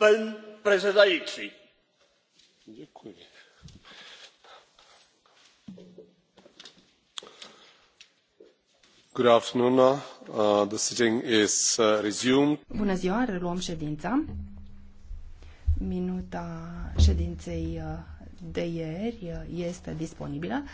pan predsedající uh, uh, bună ziua reluăm ședința minuta ședinței uh, de ieri este disponibilă.